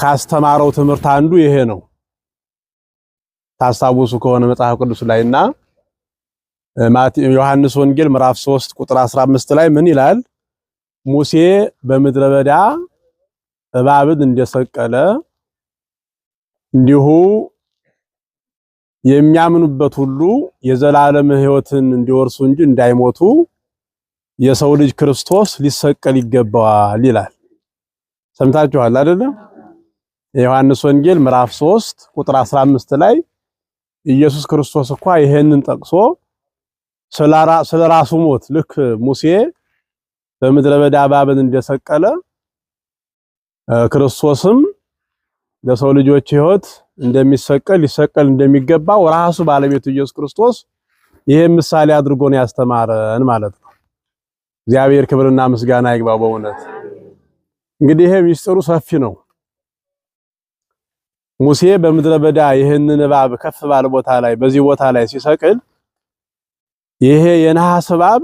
ካስተማረው ትምህርት አንዱ ይሄ ነው። ታስታውሱ ከሆነ መጽሐፍ ቅዱስ ላይና ዮሐንስ ወንጌል ምዕራፍ 3 ቁጥር 15 ላይ ምን ይላል? ሙሴ በምድረ በዳ እባብን እንደሰቀለ እንዲሁ የሚያምኑበት ሁሉ የዘላለም ሕይወትን እንዲወርሱ እንጂ እንዳይሞቱ የሰው ልጅ ክርስቶስ ሊሰቀል ይገባዋል ይላል። ሰምታችኋል አይደለም? የዮሐንስ ወንጌል ምዕራፍ 3 ቁጥር 15 ላይ ኢየሱስ ክርስቶስ እኳ ይሄንን ጠቅሶ ስለ ራሱ ሞት ልክ ሙሴ በምድረ በዳ እባብን እንደሰቀለ ክርስቶስም ለሰው ልጆች ሕይወት እንደሚሰቀል ሊሰቀል እንደሚገባው ራሱ ባለቤቱ ኢየሱስ ክርስቶስ ይሄ ምሳሌ አድርጎ ነው ያስተማረን ማለት ነው። እግዚአብሔር ክብርና ምስጋና ይግባው። በእውነት እንግዲህ ይሄ ሚስጥሩ ሰፊ ነው። ሙሴ በምድረ በዳ ይህንን እባብ ከፍ ባለ ቦታ ላይ በዚህ ቦታ ላይ ሲሰቅል ይሄ የነሐስ እባብ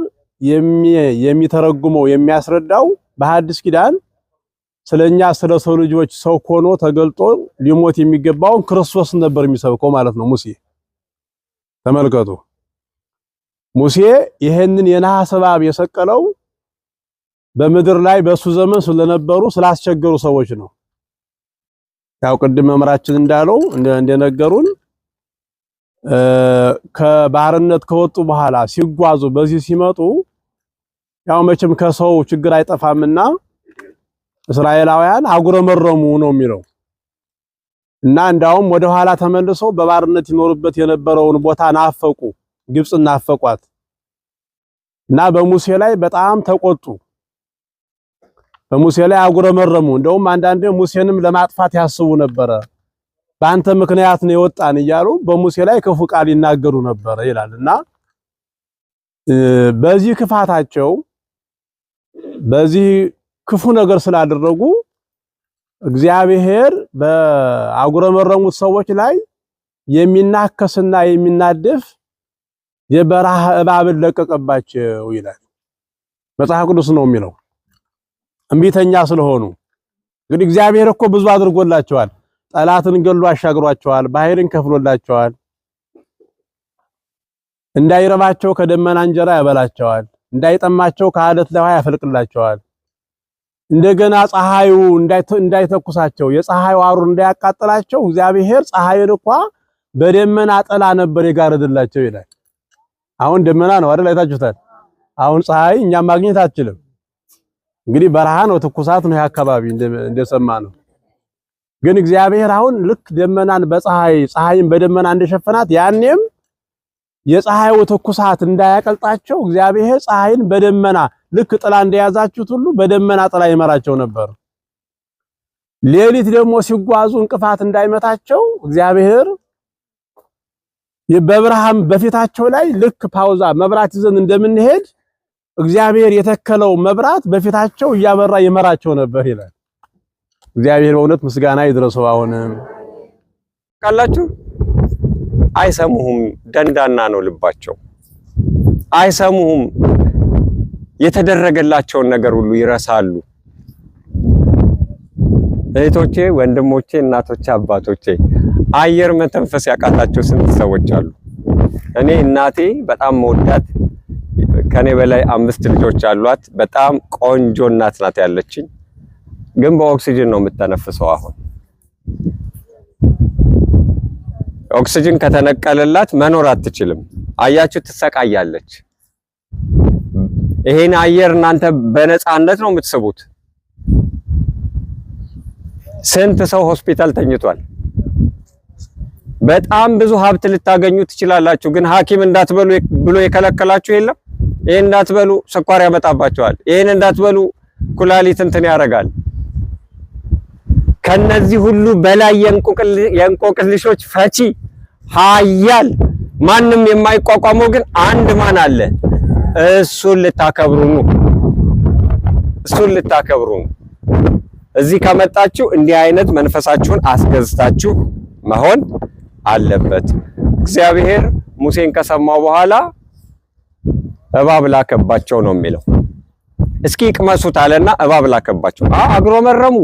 የሚተረጉመው የሚያስረዳው በሐዲስ ኪዳን ስለኛ ስለ ሰው ልጆች ሰው ሆኖ ተገልጦ ሊሞት የሚገባውን ክርስቶስ ነበር የሚሰብከው ማለት ነው። ሙሴ ተመልከቱ፣ ሙሴ ይሄንን የነሐስ እባብ የሰቀለው በምድር ላይ በሱ ዘመን ስለነበሩ ስላስቸገሩ ሰዎች ነው። ያው ቅድም መምራችን እንዳለው እንደነገሩን ከባህርነት ከወጡ በኋላ ሲጓዙ በዚህ ሲመጡ ያው መቼም ከሰው ችግር አይጠፋምና እስራኤላውያን አጉረመረሙ ነው የሚለው እና እንዳውም ወደኋላ ተመልሰው በባርነት ይኖሩበት የነበረውን ቦታ ናፈቁ፣ ግብፅ ናፈቋት እና በሙሴ ላይ በጣም ተቆጡ። በሙሴ ላይ አጉረመረሙ። እንደውም አንዳንዴ ሙሴንም ለማጥፋት ያስቡ ነበረ። በአንተ ምክንያት ነው የወጣን እያሉ በሙሴ ላይ ክፉ ቃል ይናገሩ ነበረ ይላልና በዚህ ክፋታቸው በዚህ ክፉ ነገር ስላደረጉ እግዚአብሔር በአጉረመረሙት ሰዎች ላይ የሚናከስና የሚናደፍ የበረሃ እባብን ለቀቀባቸው ይላል መጽሐፍ ቅዱስ ነው የሚለው። እምቢተኛ ስለሆኑ እንግዲህ እግዚአብሔር እኮ ብዙ አድርጎላቸዋል። ጠላትን ገሎ አሻግሯቸዋል። ባህርን ከፍሎላቸዋል። እንዳይረባቸው ከደመና እንጀራ ያበላቸዋል። እንዳይጠማቸው ከአለት ለውሃ ያፈልቅላቸዋል። እንደገና ፀሐዩ እንዳይተኩሳቸው የፀሐዩ አሩር እንዳያቃጥላቸው እግዚአብሔር ፀሐይን እንኳ በደመና ጥላ ነበር የጋረድላቸው ይላል። አሁን ደመና ነው አይደል? አይታችሁታል። አሁን ፀሐይ እኛም ማግኘት አትችልም። እንግዲህ በረሃ ነው፣ ትኩሳት ነው አካባቢ እንደሰማ ነው። ግን እግዚአብሔር አሁን ልክ ደመናን በፀሐይ ፀሐይን በደመና እንደሸፈናት ያኔም የፀሐዩ ትኩሳት እንዳያቀልጣቸው እግዚአብሔር ፀሐይን በደመና ልክ ጥላ እንደያዛችሁት ሁሉ በደመና ጥላ ይመራቸው ነበር። ሌሊት ደግሞ ሲጓዙ እንቅፋት እንዳይመታቸው እግዚአብሔር በብርሃን በፊታቸው ላይ ልክ ፓውዛ መብራት ይዘን እንደምንሄድ እግዚአብሔር የተከለው መብራት በፊታቸው እያበራ ይመራቸው ነበር ይላል። እግዚአብሔር በእውነት ምስጋና ይድረሰው። አሁንም ካላችሁ አይሰሙሁም፣ ደንዳና ነው ልባቸው፣ አይሰሙሁም። የተደረገላቸውን ነገር ሁሉ ይረሳሉ። እህቶቼ፣ ወንድሞቼ፣ እናቶቼ፣ አባቶቼ አየር መተንፈስ ያቃታቸው ስንት ሰዎች አሉ። እኔ እናቴ በጣም መወዳት ከኔ በላይ አምስት ልጆች አሏት። በጣም ቆንጆ እናት ናት ያለችኝ፣ ግን በኦክሲጅን ነው የምተነፍሰው። አሁን ኦክሲጅን ከተነቀለላት መኖር አትችልም። አያችሁ፣ ትሰቃያለች። ይሄን አየር እናንተ በነፃነት ነው የምትስቡት። ስንት ሰው ሆስፒታል ተኝቷል። በጣም ብዙ ሀብት ልታገኙ ትችላላችሁ፣ ግን ሐኪም እንዳትበሉ ብሎ የከለከላችሁ የለም። ይሄን እንዳትበሉ ስኳር ያመጣባቸዋል፣ ይሄን እንዳትበሉ ኩላሊት እንትን ያደርጋል። ከነዚህ ሁሉ በላይ የእንቆቅልሾች ፈቺ ሃያል ማንም የማይቋቋመው ግን አንድ ማን አለ? እሱን ልታከብሩ ነው። እሱን ልታከብሩ ነው። እዚህ ከመጣችሁ እንዲህ አይነት መንፈሳችሁን አስገዝታችሁ መሆን አለበት። እግዚአብሔር ሙሴን ከሰማው በኋላ እባብ ላከባቸው ነው የሚለው። እስኪ ቅመሱት አለና እባብ ላከባቸው። መረሙ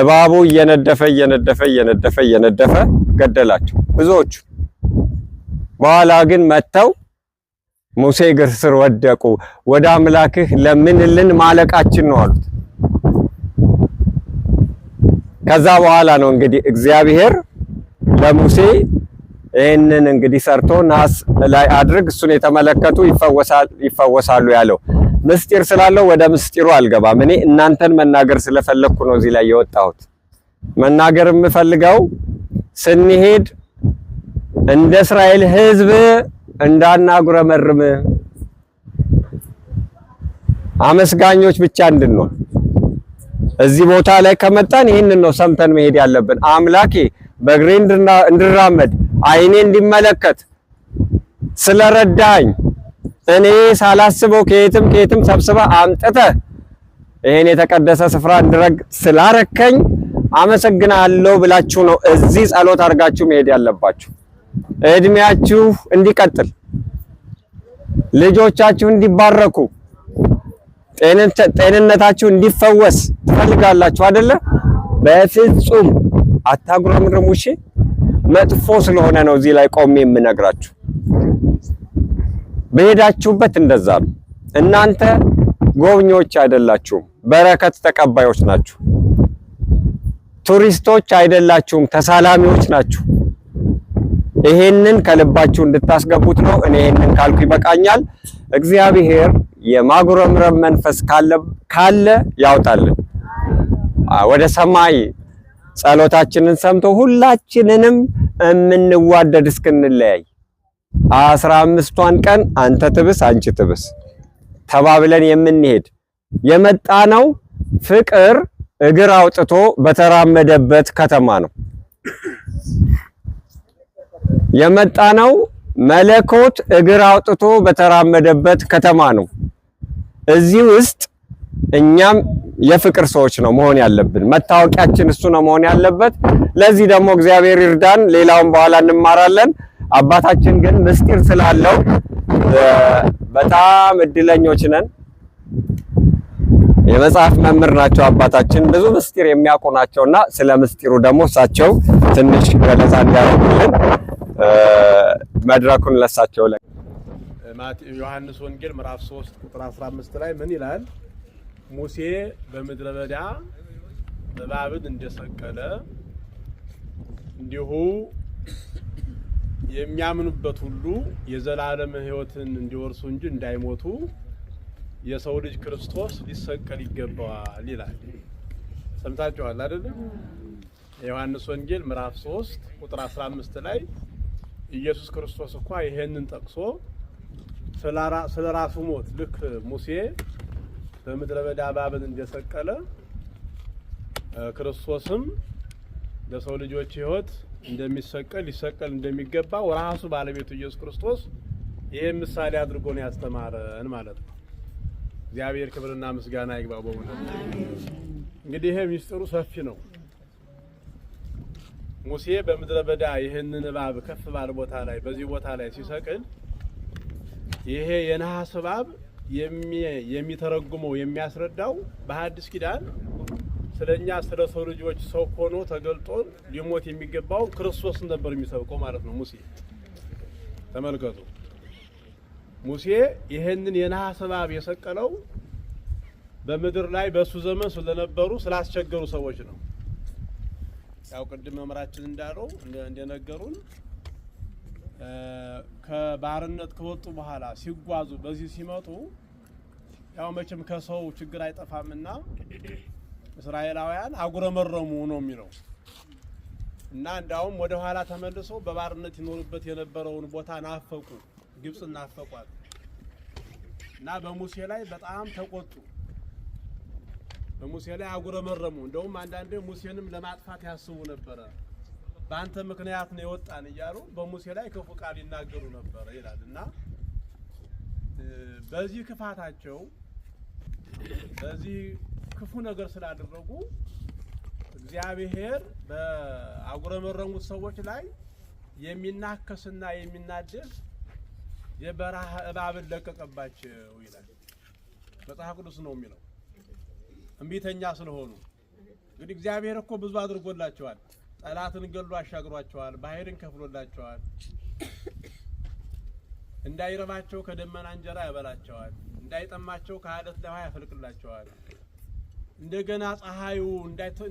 እባቡ እየነደፈ እየነደፈ እየነደፈ እየነደፈ ገደላቸው ብዙዎቹ። በኋላ ግን መጥተው ሙሴ እግር ስር ወደቁ። ወደ አምላክህ ለምንልን ማለቃችን ነው አሉት። ከዛ በኋላ ነው እንግዲህ እግዚአብሔር ለሙሴ ይህንን እንግዲህ ሰርቶ ናስ ላይ አድርግ እሱን የተመለከቱ ይፈወሳሉ ያለው ምስጢር ስላለው ወደ ምስጢሩ አልገባም። እኔ እናንተን መናገር ስለፈለግኩ ነው እዚህ ላይ የወጣሁት። መናገር የምፈልገው ስንሄድ እንደ እስራኤል ሕዝብ እንዳናጉረመርም አመስጋኞች ብቻ እንድንሆን እዚህ ቦታ ላይ ከመጣን ይህንን ነው ሰምተን መሄድ ያለብን። አምላኬ በእግሬ እንድራመድ አይኔ እንዲመለከት ስለረዳኝ እኔ ሳላስበው ከየትም ከየትም ሰብስበ አምጥተ ይሄን የተቀደሰ ስፍራ እንድረግ ስላረከኝ አመሰግናለሁ ብላችሁ ነው እዚህ ጸሎት አድርጋችሁ መሄድ ያለባችሁ። እድሜያችሁ እንዲቀጥል፣ ልጆቻችሁ እንዲባረኩ፣ ጤንነታችሁ እንዲፈወስ ትፈልጋላችሁ አደለ? በፍጹም አታጉረምርሙ። እሺ። መጥፎ ስለሆነ ነው እዚህ ላይ ቆሜ የምነግራችሁ። በሄዳችሁበት እንደዛ ነው። እናንተ ጎብኚዎች አይደላችሁም፣ በረከት ተቀባዮች ናችሁ። ቱሪስቶች አይደላችሁም፣ ተሳላሚዎች ናችሁ። ይሄንን ከልባችሁ እንድታስገቡት ነው። እኔ ይሄንን ካልኩ ይበቃኛል። እግዚአብሔር የማጉረምረም መንፈስ ካለ ካለ ያውጣልን ወደ ሰማይ ጸሎታችንን ሰምቶ ሁላችንንም እምንዋደድ እስክንለያይ አስራ አምስቷን ቀን አንተ ትብስ አንቺ ትብስ ተባብለን የምንሄድ የመጣነው ፍቅር እግር አውጥቶ በተራመደበት ከተማ ነው የመጣነው። መለኮት እግር አውጥቶ በተራመደበት ከተማ ነው። እዚህ ውስጥ እኛም የፍቅር ሰዎች ነው መሆን ያለብን። መታወቂያችን እሱ ነው መሆን ያለበት። ለዚህ ደግሞ እግዚአብሔር ይርዳን። ሌላውን በኋላ እንማራለን። አባታችን ግን ምስጢር ስላለው በጣም እድለኞች ነን። የመጽሐፍ መምህር ናቸው አባታችን፣ ብዙ ምስጢር የሚያውቁ ናቸውና ስለ ምስጢሩ ደግሞ እሳቸው ትንሽ ገለጻ እንዲያደርጉልን መድረኩን ለሳቸው ዮሐንስ ወንጌል ምዕራፍ 3 ቁጥር 15 ላይ ምን ይላል? ሙሴ በምድረ በዳ እባብን እንደሰቀለ እንዲሁ የሚያምኑበት ሁሉ የዘላለም ሕይወትን እንዲወርሱ እንጂ እንዳይሞቱ የሰው ልጅ ክርስቶስ ሊሰቀል ይገባዋል ይላል። ሰምታችኋል አይደለም? የዮሐንስ ወንጌል ምዕራፍ 3 ቁጥር 15 ላይ ኢየሱስ ክርስቶስ እኳ ይሄንን ጠቅሶ ስለ ራሱ ሞት ልክ ሙሴ በምድረ በዳ እባብን እንደሰቀለ ክርስቶስም ለሰው ልጆች ሕይወት እንደሚሰቀል ሊሰቀል እንደሚገባው ራሱ ባለቤቱ ኢየሱስ ክርስቶስ ይህ ምሳሌ አድርጎን ያስተማረን ማለት ነው። እግዚአብሔር ክብርና ምስጋና ይግባው። በእውነት እንግዲህ ይሄ ሚስጥሩ ሰፊ ነው። ሙሴ በምድረ በዳ ይህንን እባብ ከፍ ባለ ቦታ ላይ በዚህ ቦታ ላይ ሲሰቅል ይሄ የነሐስ እባብ የሚተረጉመው የሚያስረዳው በሐዲስ ኪዳን ስለኛ ስለ ሰው ልጆች ሰው ሆኖ ተገልጦ ሊሞት የሚገባው ክርስቶስን ነበር የሚሰብቀው ማለት ነው። ሙሴ ተመልከቱ፣ ሙሴ ይህንን የነሐስ እባብ የሰቀለው በምድር ላይ በእሱ ዘመን ስለነበሩ ስላስቸገሩ ሰዎች ነው። ያው ቅድም መምራችን እንዳለው እንደነገሩን ከባርነት ከወጡ በኋላ ሲጓዙ በዚህ ሲመጡ ያው መቼም ከሰው ችግር አይጠፋምና እስራኤላውያን አጉረመረሙ ነው የሚለው እና እንዳውም ወደ ኋላ ተመልሶ በባርነት ይኖሩበት የነበረውን ቦታ ናፈቁ፣ ግብጽ ናፈቋል። እና በሙሴ ላይ በጣም ተቆጡ። በሙሴ ላይ አጉረመረሙ። እንደውም አንዳንዴ ሙሴንም ለማጥፋት ያስቡ ነበረ። በአንተ ምክንያት ነው የወጣን እያሉ በሙሴ ላይ ክፉ ቃል ይናገሩ ነበር ይላል እና በዚህ ክፋታቸው በዚህ ክፉ ነገር ስላደረጉ እግዚአብሔር በአጉረመረሙት ሰዎች ላይ የሚናከስና የሚናደስ የበረሃ እባብን ለቀቀባቸው ይላል መጽሐፍ ቅዱስ ነው የሚለው እምቢተኛ ስለሆኑ እንግዲህ እግዚአብሔር እኮ ብዙ አድርጎላቸዋል ጠላትን ገሎ አሻግሯቸዋል። ባህርን ከፍሎላቸዋል። እንዳይረባቸው ከደመና እንጀራ ያበላቸዋል። እንዳይጠማቸው ከአለት ላይ ያፈልቅላቸዋል። እንደገና ፀሐዩ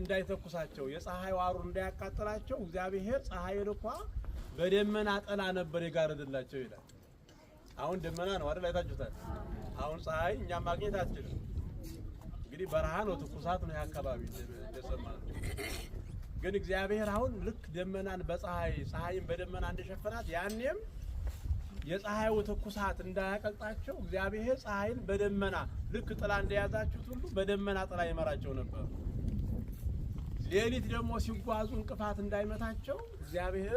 እንዳይተኩሳቸው የፀሐዩ አሩ እንዳያቃጥላቸው እግዚአብሔር ፀሐይን እንኳ በደመና ጥላ ነበር የጋረድላቸው ይላል። አሁን ደመና ነው አይደል? አይታችሁታል። አሁን ፀሐይ እኛ ማግኘት አትችልም። እንግዲህ በረሃ ነው፣ ትኩሳት ነው። የአካባቢ እንደሰማ ነው ግን እግዚአብሔር አሁን ልክ ደመናን በፀሐይ ፀሐይን በደመና እንደሸፈናት ያኔም የፀሐዩ ትኩሳት እንዳያቀልጣቸው እግዚአብሔር ፀሐይን በደመና ልክ ጥላ እንደያዛችሁት ሁሉ በደመና ጥላ ይመራቸው ነበር። ሌሊት ደግሞ ሲጓዙ እንቅፋት እንዳይመታቸው እግዚአብሔር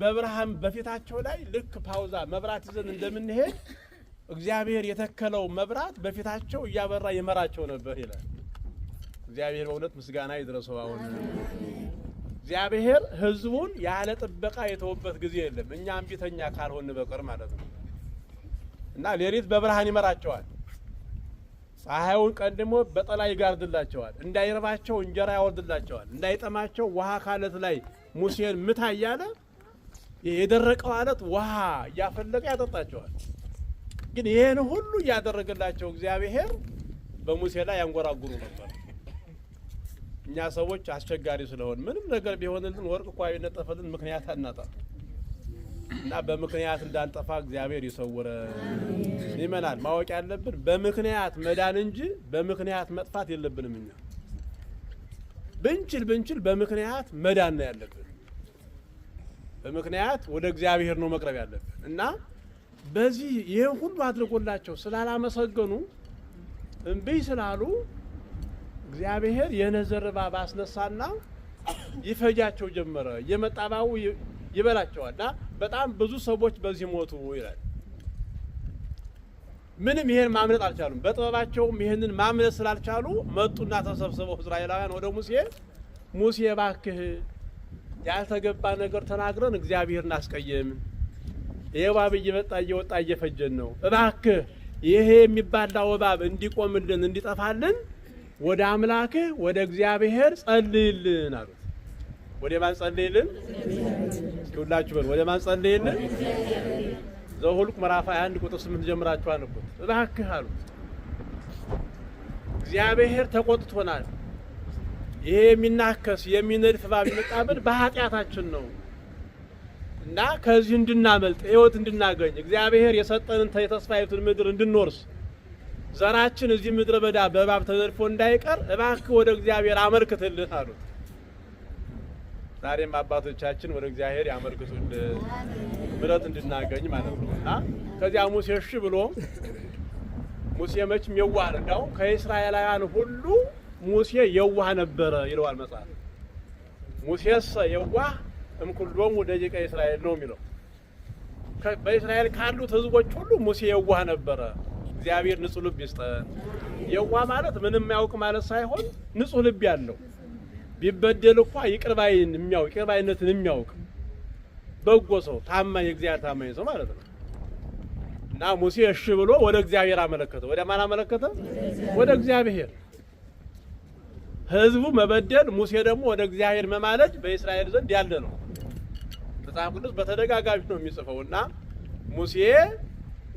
በብርሃን በፊታቸው ላይ ልክ ፓውዛ መብራት ይዘን እንደምንሄድ እግዚአብሔር የተከለው መብራት በፊታቸው እያበራ ይመራቸው ነበር ይላል። እግዚአብሔር በእውነት ምስጋና ይድረሰው። አሁን እግዚአብሔር ህዝቡን ያለ ጥበቃ የተወበት ጊዜ የለም። እኛ እምቢተኛ ካልሆን በቀር ማለት ነው እና ሌሊት በብርሃን ይመራቸዋል። ፀሐዩን ቀን ደግሞ ይጋርድላቸዋል። እንዳይርባቸው እንጀራ ያወርድላቸዋል። እንዳይጠማቸው ውሃ ካለት ላይ ሙሴን ምታ እያለ የደረቀው አለት ውሃ እያፈለቀ ያጠጣቸዋል። ግን ይህን ሁሉ እያደረገላቸው እግዚአብሔር በሙሴ ላይ ያንጎራጉሩ ነበር። እኛ ሰዎች አስቸጋሪ ስለሆን ምንም ነገር ቢሆንልን ወርቅ እኳ ቢነጠፈልን ምክንያት አናጣ እና በምክንያት እንዳንጠፋ እግዚአብሔር ይሰውረ ይመናል ማወቅ ያለብን በምክንያት መዳን እንጂ በምክንያት መጥፋት የለብንም። እኛ ብንችል ብንችል በምክንያት መዳን ነው ያለብን። በምክንያት ወደ እግዚአብሔር ነው መቅረብ ያለብን እና በዚህ ይህን ሁሉ አድርጎላቸው ስላላመሰገኑ እምቢ ስላሉ እግዚአብሔር የነዘር እባብ አስነሳና ይፈጃቸው ጀመረ። የመጣባው ይበላቸዋልና በጣም ብዙ ሰዎች በዚህ ሞቱ ይላል። ምንም ይሄን ማምለጥ አልቻሉም። በጥበባቸውም ይሄንን ማምለጥ ስላልቻሉ መጡና ተሰብስበው እስራኤላውያን ወደ ሙሴ ሙሴ ባክህ ያልተገባ ነገር ተናግረን እግዚአብሔርን አስቀየምን። እባብ እየመጣ እየወጣ እየፈጀን ነው። እባክህ ይሄ የሚባላው እባብ እንዲቆምልን እንዲጠፋልን ወደ አምላክህ ወደ እግዚአብሔር ጸልይልን አሉት። ወደ ማን ጸልይልን? ሁላችሁ በሉ ወደ ማን ጸልይልን? ዘኍልቍ ምዕራፍ 21 ቁጥር 8 ጀምራችሁ አንብቡት እባክህ አሉት። እግዚአብሔር ተቆጥቶናል። ይሄ የሚናከስ የሚነድፍ እባብ የመጣብን በኃጢአታችን ነው እና ከዚህ እንድናመልጥ ሕይወት እንድናገኝ እግዚአብሔር የሰጠንን የተስፋይቱን ምድር እንድንወርስ ዘራችን እዚህ ምድረ በዳ በእባብ ተዘርፎ እንዳይቀር እባክህ ወደ እግዚአብሔር አመልክትልን አሉት። ዛሬም አባቶቻችን ወደ እግዚአብሔር ያመልክቱ ምረት እንድናገኝ ማለት ነው። እና ከዚያ ሙሴ እሺ ብሎ ሙሴ መችም የዋህ ነው። ከእስራኤላውያን ሁሉ ሙሴ የዋህ ነበረ ይለዋል መጽሐፍ። ሙሴስ የዋህ እምኩሎሙ ደቂቀ እስራኤል ነው የሚለው። በእስራኤል ካሉት ህዝቦች ሁሉ ሙሴ የዋህ ነበረ። እግዚአብሔር ንጹህ ልብ ይስጠን። የዋ ማለት ምንም ያውቅ ማለት ሳይሆን ንጹህ ልብ ያለው ቢበደል እንኳ ይቅርባይን የሚያውቅ ይቅርባይነትን የሚያውቅ በጎ ሰው፣ ታማኝ እግዚአብሔር ታማኝ ሰው ማለት ነው። እና ሙሴ እሺ ብሎ ወደ እግዚአብሔር አመለከተ። ወደ ማን አመለከተ? ወደ እግዚአብሔር። ህዝቡ መበደል፣ ሙሴ ደግሞ ወደ እግዚአብሔር መማለድ በእስራኤል ዘንድ ያለ ነው። መጽሐፍ ቅዱስ በተደጋጋሚ ነው የሚጽፈው እና ሙሴ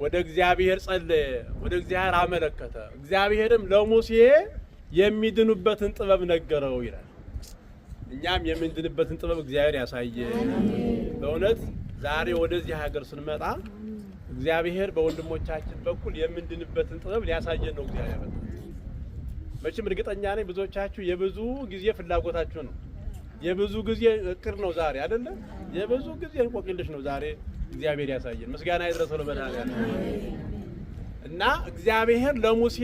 ወደ እግዚአብሔር ጸለየ፣ ወደ እግዚአብሔር አመለከተ። እግዚአብሔርም ለሙሴ የሚድኑበትን ጥበብ ነገረው ይላል። እኛም የምንድንበትን ጥበብ እግዚአብሔር ያሳየ። በእውነት ዛሬ ወደዚህ ሀገር ስንመጣ እግዚአብሔር በወንድሞቻችን በኩል የምንድንበትን ጥበብ ሊያሳየን ነው። እግዚአብሔር መቼም እርግጠኛ ነኝ ብዙዎቻችሁ የብዙ ጊዜ ፍላጎታችሁ ነው፣ የብዙ ጊዜ እቅድ ነው። ዛሬ አይደለም የብዙ ጊዜ እንቆቅልሽ ነው ዛሬ እግዚአብሔር ያሳየን። ምስጋና ይድረሰው ለመድኃኒዓለም እና እግዚአብሔር ለሙሴ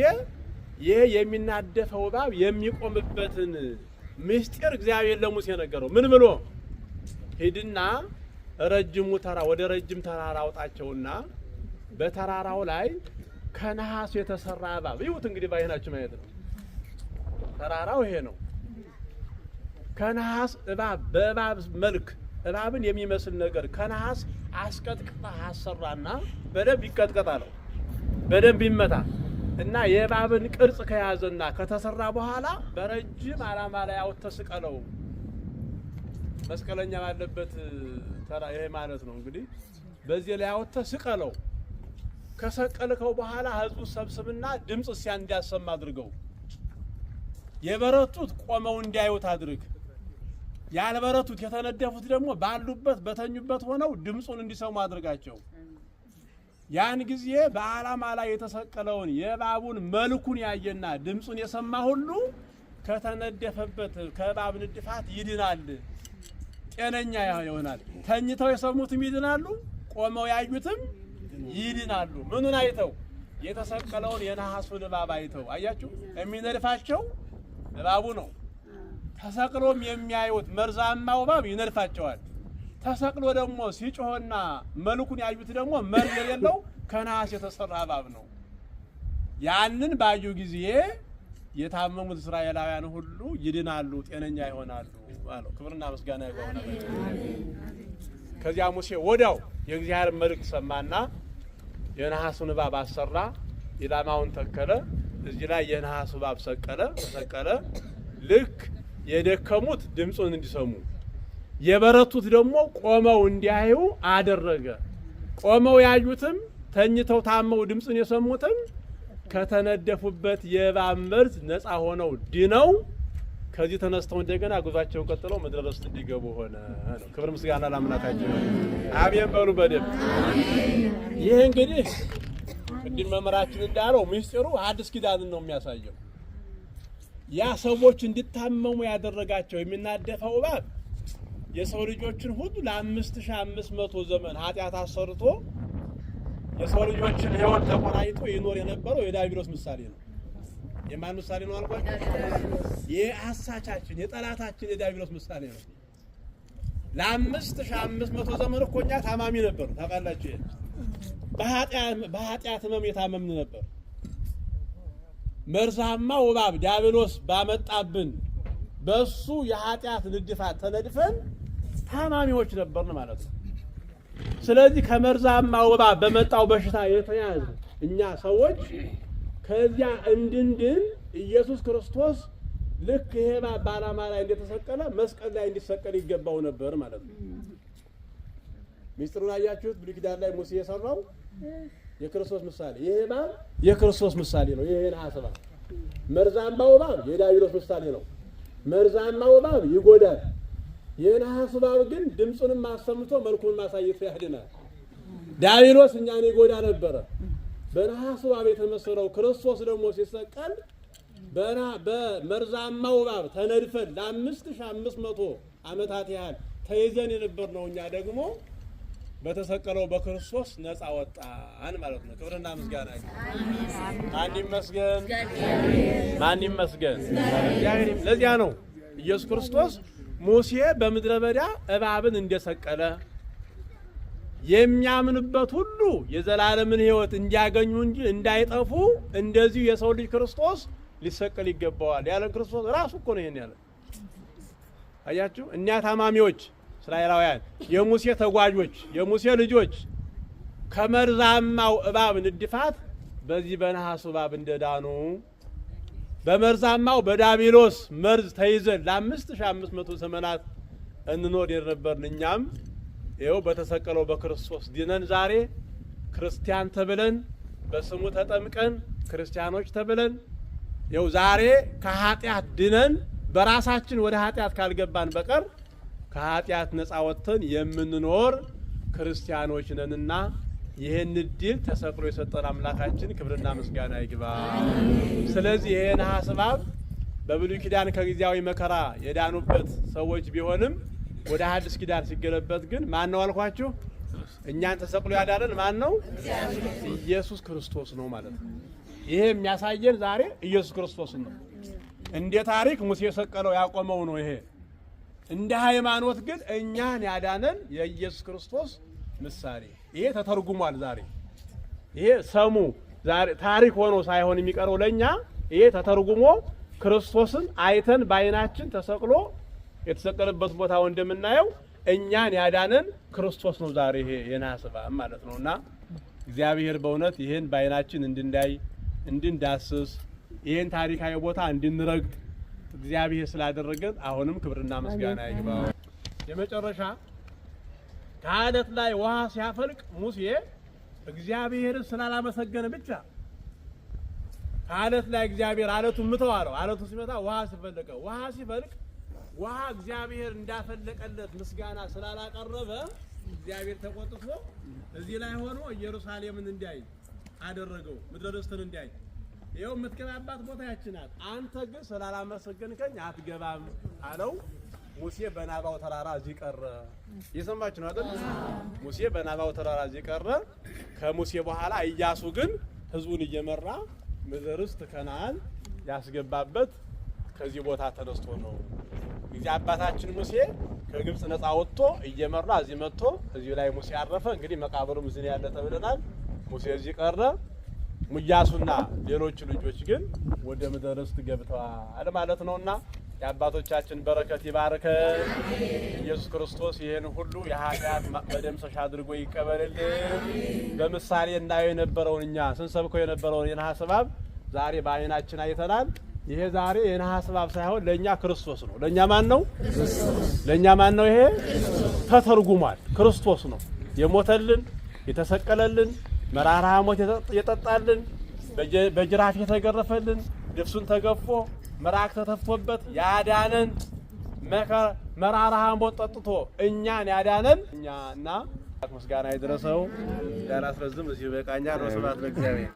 ይህ የሚናደፈው እባብ የሚቆምበትን ምስጢር እግዚአብሔር ለሙሴ ነገረው። ምን ብሎ ሂድና ረጅሙ ተራ ወደ ረጅም ተራራ አውጣቸውና በተራራው ላይ ከነሐስ የተሰራ እባብ ይሁት እንግዲህ ባይናችሁ ማየት ነው። ተራራው ይሄ ነው። ከነሐስ እባብ በእባብ መልክ እባብን የሚመስል ነገር ከነሐስ አስቀጥቅጠህ አሰራና በደንብ ይቀጥቀጣ ነው በደንብ ይመታ እና የእባብን ቅርጽ ከያዘና ከተሰራ በኋላ በረጅም አላማ ላይ አውጥተህ ስቀለው። መስቀለኛ ባለበት ተራ ይሄ ማለት ነው እንግዲህ። በዚህ ላይ አውጥተህ ስቀለው። ከሰቀልከው በኋላ ህዝቡ ሰብስብና ድምፅ ሲያ እንዲያሰማ አድርገው። የበረቱት ቆመው እንዲያዩት አድርግ። ያልበረቱት የተነደፉት ደግሞ ባሉበት በተኙበት ሆነው ድምፁን እንዲሰሙ አድርጋቸው። ያን ጊዜ በዓላማ ላይ የተሰቀለውን የእባቡን መልኩን ያየና ድምፁን የሰማ ሁሉ ከተነደፈበት ከእባብ ንድፋት ይድናል፣ ጤነኛ ይሆናል። ተኝተው የሰሙትም ይድናሉ፣ ቆመው ያዩትም ይድናሉ። ምኑን አይተው? የተሰቀለውን የነሐሱን እባብ አይተው። አያችሁ፣ የሚነድፋቸው እባቡ ነው። ተሰቅሎም የሚያዩት መርዛማ እባብ ይነድፋቸዋል። ተሰቅሎ ደግሞ ሲጮህና መልኩን ያዩት ደግሞ መርዝ የሌለው ከነሐስ የተሰራ እባብ ነው። ያንን ባዩ ጊዜ የታመሙት እስራኤላውያን ሁሉ ይድናሉ፣ ጤነኛ ይሆናሉ አለው። ክብርና ምስጋና ይሆናል። ከዚያ ሙሴ ወዲያው የእግዚአብሔር መልእክት ሰማና የነሐሱን እባብ አሰራ፣ ኢላማውን ተከለ። እዚህ ላይ የነሐሱ እባብ ሰቀለ ተሰቀለ ልክ የደከሙት ድምፁን እንዲሰሙ የበረቱት ደግሞ ቆመው እንዲያዩ አደረገ። ቆመው ያዩትም ተኝተው ታመው ድምፁን የሰሙትም ከተነደፉበት የእባብ መርዝ ነፃ ሆነው ድነው ከዚህ ተነስተው እንደገና ጉዟቸውን ቀጥለው ምድረ ርስት እንዲገቡ ሆነ ነው። ክብር ምስጋና ለአምላካችን አሜን በሉ በደምብ። ይህ እንግዲህ ቅድም መምህራችን እንዳለው ምስጢሩ አዲስ ኪዳንን ነው የሚያሳየው። ያ ሰዎች እንዲታመሙ ያደረጋቸው የሚናደፈው እባብ የሰው ልጆችን ሁሉ ለአምስት ሺህ አምስት መቶ ዘመን ኃጢአት አሰርቶ የሰው ልጆችን ሕይወት ተቆራኝቶ ይኖር የነበረው የዲያብሎስ ምሳሌ ነው። የማን ምሳሌ ነው አልኳቸው? የአሳቻችን የጠላታችን የዲያብሎስ ምሳሌ ነው። ለአምስት ሺህ አምስት መቶ ዘመን እኮ እኛ ታማሚ ነበር። ታውቃላችሁ፣ በኃጢአት ህመም የታመምን ነበር። መርዛማ ወባብ ዲያብሎስ ባመጣብን በሱ የኃጢአት ንድፋት ተነድፈን ታማሚዎች ነበርን ማለት ነው። ስለዚህ ከመርዛማ ወባብ በመጣው በሽታ የተያዝ እኛ ሰዎች ከዚያ እንድንድን ኢየሱስ ክርስቶስ ልክ ይሄ ባላማ ላይ እንደተሰቀለ መስቀል ላይ እንዲሰቀል ይገባው ነበር ማለት ነው። ሚስጥሩን አያችሁት? ብሉይ ኪዳን ላይ ሙሴ የሰራው የክርስቶስ ምሳሌ ይሄ እባብ የክርስቶስ ምሳሌ ነው። ይሄ ነሐስ እባብ፣ መርዛማው እባብ ምሳሌ ነው። መርዛማው እባብ ይጎዳል። የነሐሱ እባብ ግን ድምፁንም አሰምቶ መልኩን ማሳየት ያድናል። ዲያብሎስ እኛን ይጎዳ ነበረ። በነሐሱ እባብ የተመሰለው ክርስቶስ ደግሞ ሲሰቀል በመርዛማው እባብ ተነድፈን ለአምስት ሺህ አምስት መቶ ዓመታት ያህል ተይዘን የነበር ነው። እኛ ደግሞ በተሰቀለው በክርስቶስ ነፃ ወጣን ማለት ነው። ክብርና ምስጋና ማን ይመስገን? ማን ይመስገን? እግዚአብሔር። ለዚያ ነው ኢየሱስ ክርስቶስ ሙሴ በምድረ በዳ እባብን እንደሰቀለ የሚያምንበት ሁሉ የዘላለምን ሕይወት እንዲያገኙ እንጂ እንዳይጠፉ እንደዚሁ የሰው ልጅ ክርስቶስ ሊሰቀል ይገባዋል ያለን ክርስቶስ ራሱ እኮ ነው ይሄን ያለ። አያችሁ እኛ ታማሚዎች እስራኤላውያን የሙሴ ተጓዦች የሙሴ ልጆች ከመርዛማው እባብ ንድፋት በዚህ በነሐሱ እባብ እንደዳኑ በመርዛማው በዳቢሎስ መርዝ ተይዘን ለአምስት ሺህ አምስት መቶ ዘመናት እንኖር የነበርን እኛም ይኸው በተሰቀለው በክርስቶስ ድነን ዛሬ ክርስቲያን ተብለን በስሙ ተጠምቀን ክርስቲያኖች ተብለን ይኸው ዛሬ ከኃጢአት ድነን በራሳችን ወደ ኃጢአት ካልገባን በቀር ከኃጢአት ነፃ ወጥተን የምንኖር ክርስቲያኖች ነንና ይህን እድል ተሰቅሎ የሰጠን አምላካችን ክብርና ምስጋና ይግባ። ስለዚህ ይሄ ነሐስ እባብ በብሉይ ኪዳን ከጊዜያዊ መከራ የዳኑበት ሰዎች ቢሆንም ወደ ሐዲስ ኪዳን ሲገለበት ግን ማን ነው አልኳችሁ? እኛን ተሰቅሎ ያዳረን ማን ነው? ኢየሱስ ክርስቶስ ነው ማለት ነው። ይሄ የሚያሳየን ዛሬ ኢየሱስ ክርስቶስ ነው። እንደ ታሪክ ሙሴ የሰቀለው ያቆመው ነው ይሄ እንደ ሃይማኖት ግን እኛን ያዳነን የኢየሱስ ክርስቶስ ምሳሌ ይሄ ተተርጉሟል። ዛሬ ይሄ ሰሙ ዛሬ ታሪክ ሆኖ ሳይሆን የሚቀረው ለኛ ይሄ ተተርጉሞ ክርስቶስን አይተን በዓይናችን ተሰቅሎ የተሰቀለበት ቦታ እንደምናየው እኛን ያዳነን ክርስቶስ ነው። ዛሬ ይሄ የነሐስ በዓል ማለት ነውና እግዚአብሔር በእውነት ይህን በዓይናችን እንድንዳይ እንድንዳስስ ይህን ታሪካዊ ቦታ እንድንረግጥ እግዚአብሔር ስላደረገን አሁንም ክብርና ምስጋና ይግባው። የመጨረሻ ከአለት ላይ ውሃ ሲያፈልቅ ሙሴ እግዚአብሔርን ስላላመሰገነ ብቻ ከአለት ላይ እግዚአብሔር አለቱን ምተው አለው። አለቱ ሲመታ ውሃ ሲፈለቀ ውሃ ሲፈልቅ ውሃ እግዚአብሔር እንዳፈለቀለት ምስጋና ስላላቀረበ እግዚአብሔር ተቆጥቶ እዚህ ላይ ሆኖ ኢየሩሳሌምን እንዲያይ አደረገው፣ ምድረ ርስትን እንዲያይ ይኸው የምትገባባት ቦታ ያቺ ናት። አንተ ግን ስላላመሰገንከኝ አትገባም አለው። ሙሴ በናባው ተራራ እዚህ ቀረ። እየሰማችሁ ነው አይደል? ሙሴ በናባው ተራራ እዚህ ቀረ። ከሙሴ በኋላ ኢያሱ ግን ህዝቡን እየመራ ምድር ውስጥ ከነዓን ያስገባበት ከዚህ ቦታ ተነስቶ ነው። እንግዲህ አባታችን ሙሴ ከግብጽ ነፃ ወጥቶ እየመራ እዚህ መጥቶ እዚሁ ላይ ሙሴ አረፈ። እንግዲህ መቃብሩም እዚህ ያለ ተብለናል። ሙሴ እዚህ ቀረ። ሙያሱና ሌሎች ልጆች ግን ወደ ምድር ውስጥ ገብተዋል ማለት ነውና የአባቶቻችን በረከት ይባርከ። ኢየሱስ ክርስቶስ ይህን ሁሉ የኃጢአት መደምሰሻ አድርጎ ይቀበልልን። በምሳሌ እናየው የነበረውን እኛ ስንሰብከው የነበረውን የነሐስ እባብ ዛሬ በአይናችን አይተናል። ይሄ ዛሬ የነሐስ እባብ ሳይሆን ለእኛ ክርስቶስ ነው። ለእኛ ማን ነው? ለእኛ ማን ነው? ይሄ ተተርጉሟል። ክርስቶስ ነው የሞተልን የተሰቀለልን መራራ ሐሞት የጠጣልን በጅራፍ የተገረፈልን ልብሱን ተገፎ ምራቅ ተተፍቶበት ያዳነን መከር መራራ ሐሞት ጠጥቶ እኛን ያዳነን እኛ እና ምስጋና ይድረሰው። ያላስረዝም እዚሁ በቃኛ ነው። ስብሐት ለእግዚአብሔር።